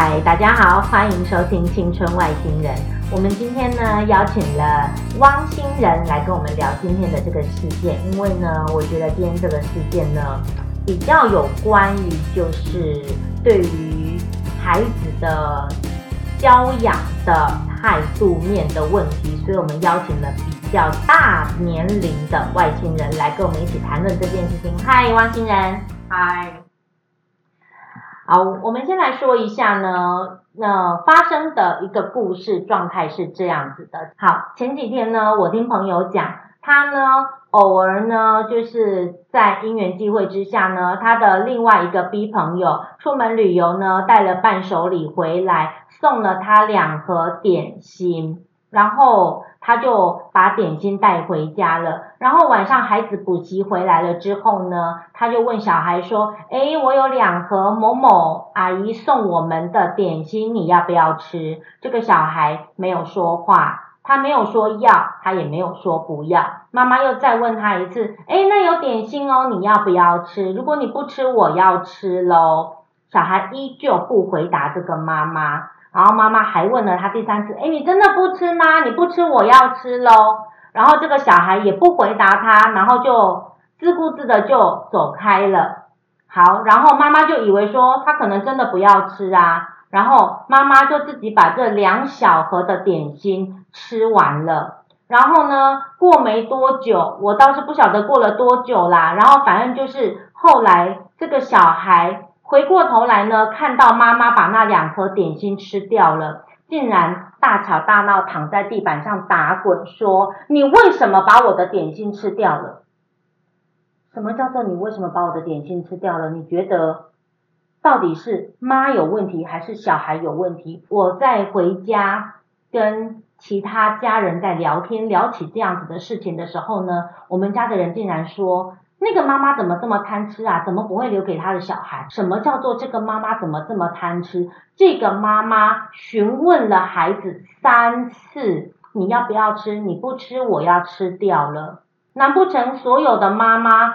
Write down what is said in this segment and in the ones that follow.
嗨，大家好，歡迎收聽《青春外星人》。我們今天呢，邀請了汪星人來跟我們聊今天的這個事件。因為呢，我覺得今天這個事件呢，比較有關於就是對於孩子的教養的態度面的問題，所以我們邀請了比較大年齡的外星人來跟我們一起談論這件事情。嗨，汪星人。嗨。好，我們先來說一下呢，那發生的一個故事狀態是這樣子的。好，前幾天呢，我聽朋友講，他呢偶爾呢，就是在因緣際會之下呢，他的另外一個 B 朋友出門旅遊呢，帶了伴手禮回來，送了他兩盒點心，然後。他就把點心帶回家了，然後晚上孩子補習回來了之後呢，他就問小孩說：“誒，我有兩盒某某阿姨送我們的點心，你要不要吃？”這個小孩沒有說話，他沒有說要，他也沒有說不要。媽媽又再問他一次：“誒，那有點心哦，你要不要吃？如果你不吃，我要吃嘍。”小孩依舊不回答這個媽媽。然後媽媽還問了他第三次，誒，你真的不吃嗎？你不吃，我要吃嘍。然後這個小孩也不回答他，然後就自顧自的就走開了。好，然後媽媽就以為說他可能真的不要吃啊。然後媽媽就自己把這兩小盒的點心吃完了。然後呢，過沒多久，我倒是不曉得過了多久啦。然後反正就是後來這個小孩。回過頭來呢，看到媽媽把那兩顆點心吃掉了，竟然大吵大鬧，躺在地板上打滾，說：“你為什麼把我的點心吃掉了？”什麼叫做你為什麼把我的點心吃掉了？你覺得到底是媽有問題，還是小孩有問題？我在回家跟其他家人在聊天，聊起這樣子的事情的時候呢，我們家的人竟然說，那個媽媽怎麼這麼貪吃啊？怎麼不會留給他的小孩？什麼叫做這個媽媽怎麼這麼貪吃？這個媽媽詢問了孩子三次，你要不要吃？你不吃，我要吃掉了。難不成所有的媽媽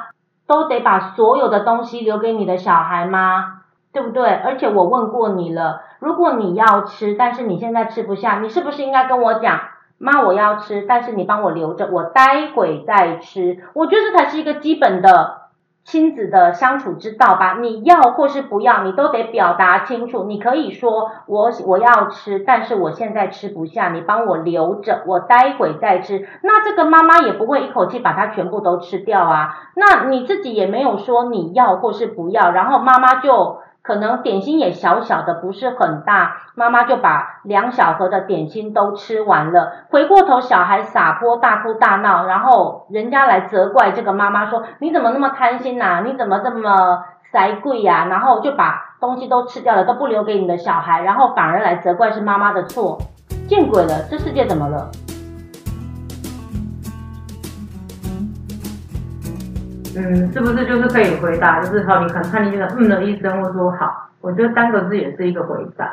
都得把所有的東西留給你的小孩嗎？對不對？而且我問過你了，如果你要吃，但是你現在吃不下，你是不是應該跟我講？媽，我要吃，但是你幫我留着，我待會再吃。我覺得這才是一個基本的親子的相處之道吧？你要或是不要，你都得表達清楚。你可以說，我我要吃，但是我現在吃不下，你幫我留着，我待會再吃。那這個媽媽也不會一口氣把它全部都吃掉啊。那你自己也沒有說你要或是不要，然後媽媽就……可能點心也小小的，不是很大，媽媽就把兩小盒的點心都吃完了。回過頭，小孩撒潑大哭大鬧，然後人家來責怪這個媽媽說：“你怎麼那麼貪心吶、啊？你怎麼這麼塞櫃呀？”然後就把東西都吃掉了，都不留給你的小孩，然後反而來責怪是媽媽的錯。見鬼了，這世界怎麼了？嗯，是不是就是可以回答？就是好，你可能看你現在嗯的一聲或說好，我覺得三個字也是一個回答。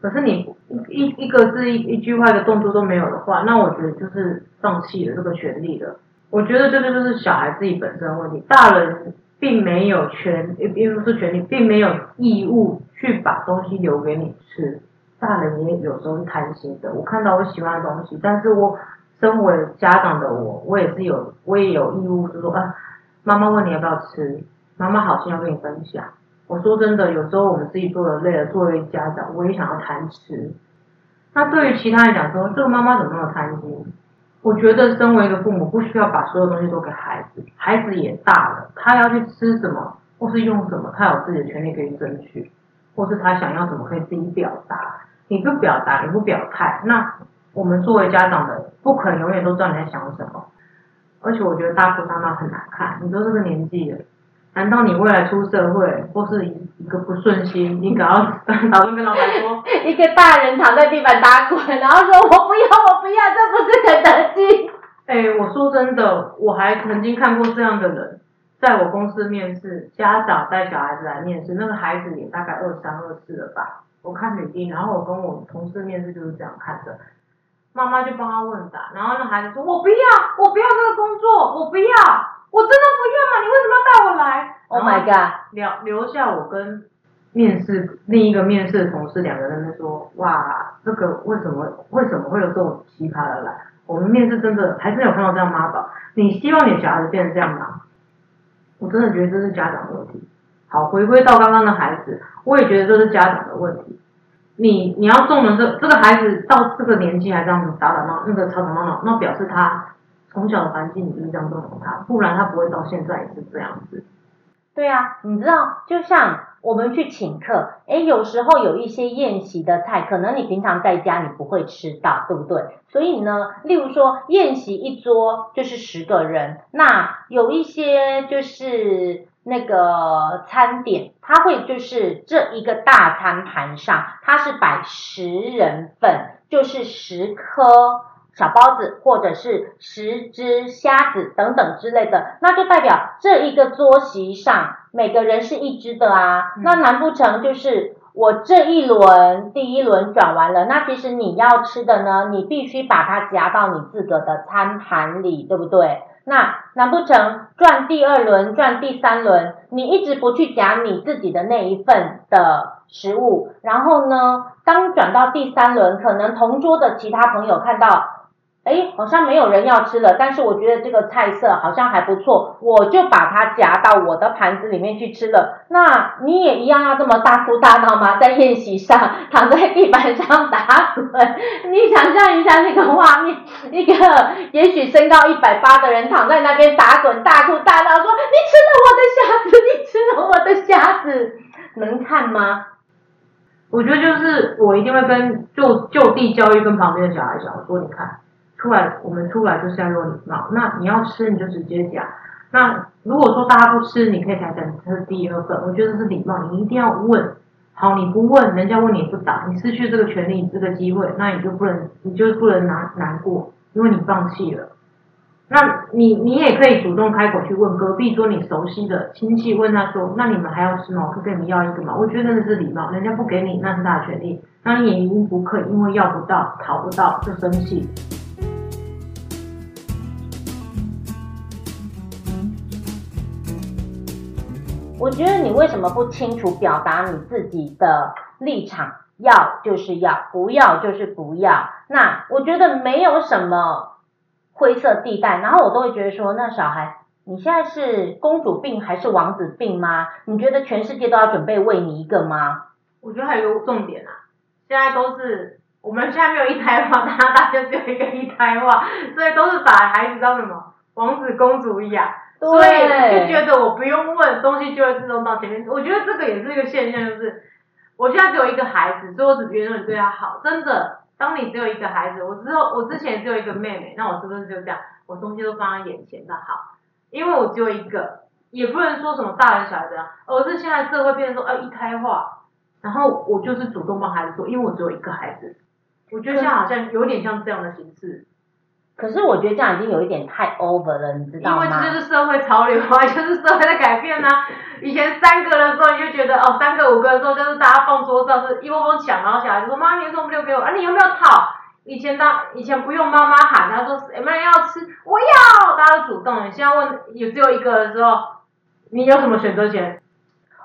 可是你一一,一個字一一句話的動作都沒有的話，那我覺得就是放棄了這個權利了。我覺得這個就是小孩自己本身的問題，大人並沒有權，並不是權利，並沒有義務去把東西留給你吃。大人也有時候是貪心的，我看到我喜歡的東西，但是我身為家長的我，我也是有我也有義務，就是說啊。媽媽問你要不要吃，媽媽好心要跟你分享。我說真的，有時候我們自己做的累了，作為家長，我也想要貪吃。那對於其他人來講說，這個媽媽怎麼那麼貪心？我覺得身為一個父母，不需要把所有東西都給孩子。孩子也大了，他要去吃什麼或是用什麼，他有自己的權利可以爭取，或是他想要什麼可以自己表達。你不表達，你不表態，那我們作為家長的，不可能永遠都知道你在想什麼。而且我覺得大哭大鬧很難看。你說這個年紀了，難道你未來出社會，或是一一個不順心，你搞老是跟老板說，一個大人躺在地板打滾，然後說我不要，我不要，這不是很得勁？哎，我說真的，我還曾經看過這樣的人，在我公司面試，家長帶小孩子來面試，那個孩子也大概二三二四了吧，我看履歷，然後我跟我同事面試就是這樣看的。媽媽就幫他問答，然後那孩子說：“我不要，我不要這個工作，我不要，我真的不要嘛！你為什麼要帶我來？”Oh my god！留留下我跟面試另一個面試的同事兩個人在說：“哇，這個為什麼為什麼會有這種奇葩的來？我們面試真的還真有看到這樣媽寶。你希望你的小孩子變成這樣嗎？我真的覺得這是家長的問題。好，回歸到剛剛的孩子，我也覺得這是家長的問題。”你你要縱容這這個孩子到這個年紀還這樣子打打鬧鬧那個吵吵鬧鬧，那表示他從小的環境就是這樣縱容他，不然他不會到現在也是這樣子。對啊，你知道，就像我們去請客，誒，有時候有一些宴席的菜，可能你平常在家你不會吃到，對不對？所以呢，例如說宴席一桌就是十個人，那有一些就是。那個餐點，它會就是這一個大餐盤上，它是擺十人份，就是十顆小包子或者是十隻蝦子等等之類的，那就代表這一個桌席上每個人是一隻的啊、嗯。那難不成就是我這一輪第一輪轉完了，那其實你要吃的呢，你必須把它夾到你自個的餐盤裡，對不對？那難不成轉第二輪，轉第三輪，你一直不去夾你自己的那一份的食物，然後呢，當轉到第三輪，可能同桌的其他朋友看到，哎，好像沒有人要吃了，但是我覺得這個菜色好像還不錯，我就把它夾到我的盤子裡面去吃了。那你也一樣要這麼大哭大鬧嗎？在宴席上躺在地板上打滾，你想象一下那個畫面，一個也許身高一百八的人躺在那邊打滾大哭大鬧說，說你吃了我的蝦子，你吃了我的蝦子，能看嗎？我覺得就是我一定會跟就就地教育跟旁邊的小孩講說，我說你看。出來，我們出來就是要有禮貌。那你要吃，你就直接講。那如果說大家不吃，你可以再等是第二份。我覺得是禮貌，你一定要問。好，你不問，人家問你也不答，你失去這個權利，這個機會，那你就不能，你就不能難難過，因為你放棄了。那你你也可以主動開口去問隔壁桌，你熟悉的親戚，問他說，那你們還要吃嗎？我可以跟你們要一個嗎？我覺得那是禮貌，人家不給你那是他的權利。那你也一定不可以因為要不到、討不到就生氣。我覺得你為什麼不清楚表達你自己的立場？要就是要，不要就是不要。那我覺得沒有什麼灰色地帶。然後我都會覺得說，那小孩，你現在是公主病還是王子病嗎？你覺得全世界都要準備餵你一個嗎？我覺得還有一個重點啊，現在都是，我們現在沒有一胎化，大家大家只有一個一胎化，所以都是把孩子當什麼王子公主一樣。對，所以就覺得我不用問，東西就會自動到前面。我覺得這個也是一個現象，就是我現在只有一個孩子，所以我只覺得你對他好，真的。當你只有一個孩子，我之後，我之前只有一個妹妹，那我是不是就這樣，我東西都放在眼前的好？因為我只有一個，也不能說什麼大人小孩這樣，而是現在社會變成說啊、呃、一胎化，然後我就是主動幫孩子做，因為我只有一個孩子，我覺得現在好像有點像這樣的形式。可是我覺得這樣已經有一點太 over 了，你知道嗎？因為這就是社會潮流啊，就是社會的改變啊。以前三個的時候，你就覺得哦，三個五個的時候，就是大家放桌上是一窩蜂搶，然後小孩子說：“媽，你為什麼不留給我啊？你有沒有套？”以前當以前不用媽媽喊，他說：“誰、欸、要吃？我要！”大家就主動。現在問有只有一個的時候，你有什麼選擇權？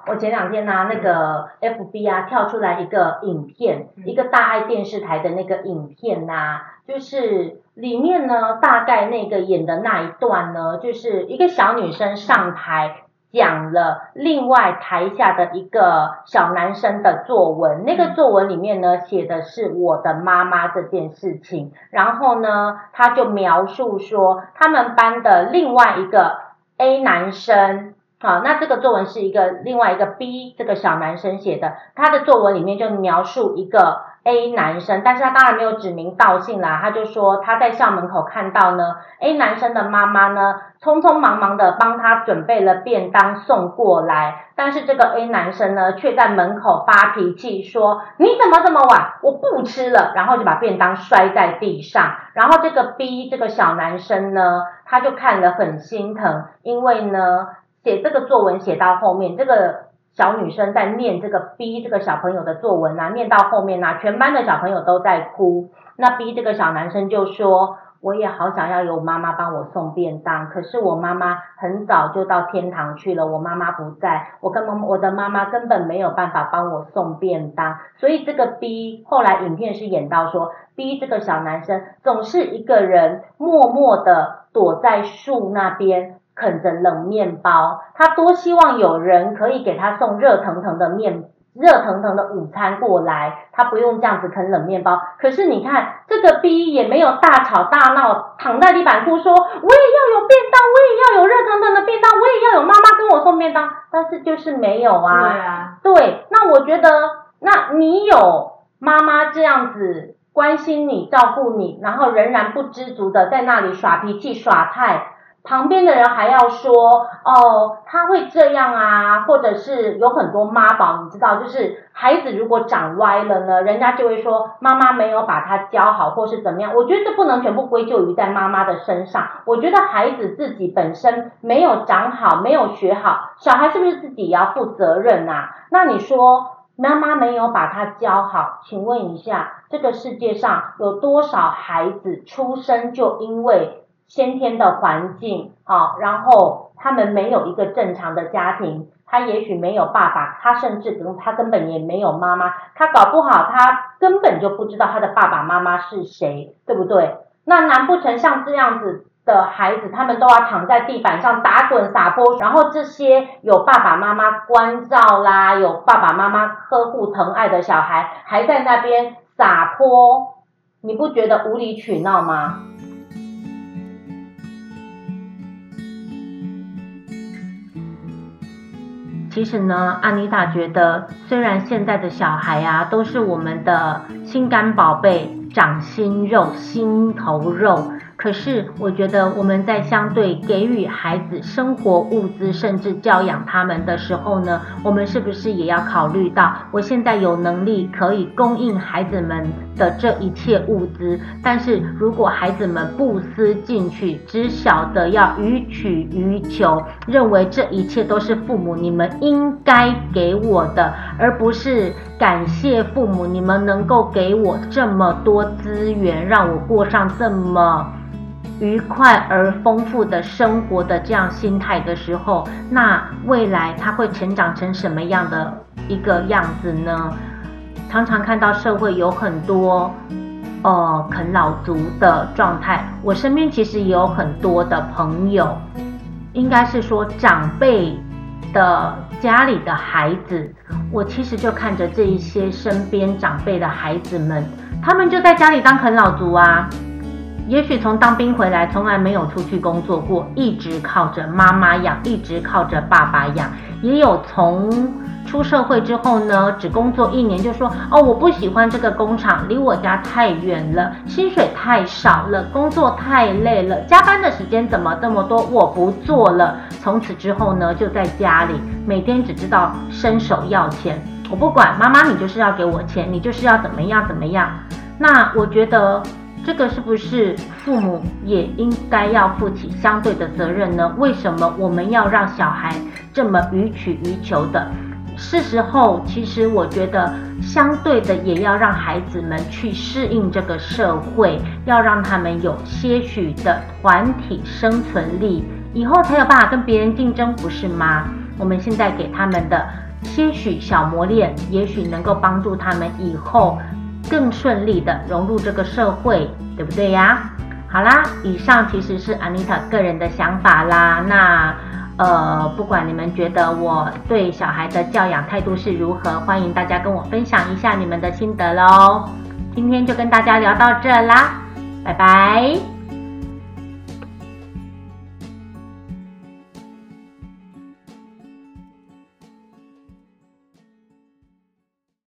我前兩天呢、啊，那個 FB 啊、嗯，跳出來一個影片，嗯，一個大愛電視台的那個影片吶、啊，就是裡面呢，大概那個演的那一段呢，就是一個小女生上台講了另外台下的一個小男生的作文，嗯、那個作文裡面呢，寫的是我的媽媽這件事情，然後呢，他就描述說他們班的另外一個 A 男生。好，啊，那這個作文是一個另外一個 B 這個小男生寫的，他的作文裡面就描述一個 A 男生，但是他當然沒有指名道姓啦，他就說他在校門口看到呢 A 男生的媽媽呢，匆匆忙忙的幫他準備了便當送過來，但是這個 A 男生呢，卻在門口發脾氣說，你怎麼這麼晚？我不吃了，然後就把便當摔在地上，然後這個 B 這個小男生呢，他就看了很心疼，因為呢。寫這個作文寫到後面，這個小女生在念這個 B 這個小朋友的作文啊，念到後面啊，全班的小朋友都在哭。那 B 這個小男生就說：“我也好想要有媽媽幫我送便當，可是我媽媽很早就到天堂去了，我媽媽不在，我跟我的媽媽根本沒有辦法幫我送便當。所以這個 B 後來影片是演到說，B 這個小男生總是一個人默默地躲在樹那邊。”啃着冷麵包，他多希望有人可以給他送熱騰騰的麵、熱騰騰的午餐過來，他不用這樣子啃冷麵包。可是你看，這個 B 也沒有大吵大鬧，躺在地板哭說：“我也要有便當，我也要有熱騰騰的便當，我也要有媽媽跟我送便當。”但是就是沒有啊。對啊。對，那我覺得，那你有媽媽這樣子關心你、照顧你，然後仍然不知足的在那裡耍脾氣、耍賴。旁邊的人還要說哦，他會這樣啊，或者是有很多媽寶，你知道，就是孩子如果長歪了呢，人家就會說媽媽沒有把他教好，或是怎麼樣。我覺得這不能全部歸咎於在媽媽的身上。我覺得孩子自己本身沒有長好，沒有學好，小孩是不是自己也要負責任吶啊？那你說媽媽沒有把他教好，請問一下，這個世界上有多少孩子出生就因為？先天的環境好，哦，然後他們沒有一個正常的家庭，他也許沒有爸爸，他甚至可能他根本也沒有媽媽，他搞不好他根本就不知道他的爸爸媽媽是誰，對不對？那難不成像這樣子的孩子，他們都要躺在地板上打滾撒潑？然後這些有爸爸媽媽關照啦，有爸爸媽媽呵護疼愛的小孩，還在那邊撒潑，你不覺得無理取鬧嗎？其實呢，安妮塔覺得，雖然現在的小孩啊，都是我們的心肝寶貝、掌心肉、心頭肉。可是，我覺得我們在相對給予孩子生活物資，甚至教養他們的時候呢，我們是不是也要考慮到，我現在有能力可以供應孩子們的這一切物資？但是如果孩子們不思進取，只曉得要予取予求，認為這一切都是父母你們應該給我的，而不是感謝父母你們能夠給我這麼多資源，讓我過上這麼愉快而豐富的生活的這樣心態的時候，那未來他會成長成什麼樣的一個樣子呢？常常看到社會有很多，呃，啃老族的狀態。我身邊其實也有很多的朋友，應該是說長輩的家裡的孩子，我其實就看着這一些身邊長輩的孩子們，他們就在家裡當啃老族啊。也許從當兵回來，從來沒有出去工作過，一直靠着媽媽養，一直靠着爸爸養。也有從出社會之後呢，只工作一年就說：“哦，我不喜歡這個工廠，離我家太遠了，薪水太少了，工作太累了，加班的時間怎麼這麼多？我不做了。”從此之後呢，就在家裡，每天只知道伸手要錢，我不管，媽媽，你就是要給我錢，你就是要怎麼樣怎麼樣。那我覺得，這個是不是父母也應該要負起相對的責任呢？為什麼我們要讓小孩這麼予取予求的？是時候，其實我覺得相對的也要讓孩子們去適應這個社會，要讓他們有些許的團體生存力，以後才有辦法跟別人競爭，不是嗎？我們現在給他們的些許小磨練，也許能夠幫助他們以後。更順利的融入這個社會，對不對呀？好啦，以上其實是 Anita 個人的想法啦。那呃，不管你們覺得我對小孩的教養態度是如何，歡迎大家跟我分享一下你們的心得嘍。今天就跟大家聊到這啦，拜拜。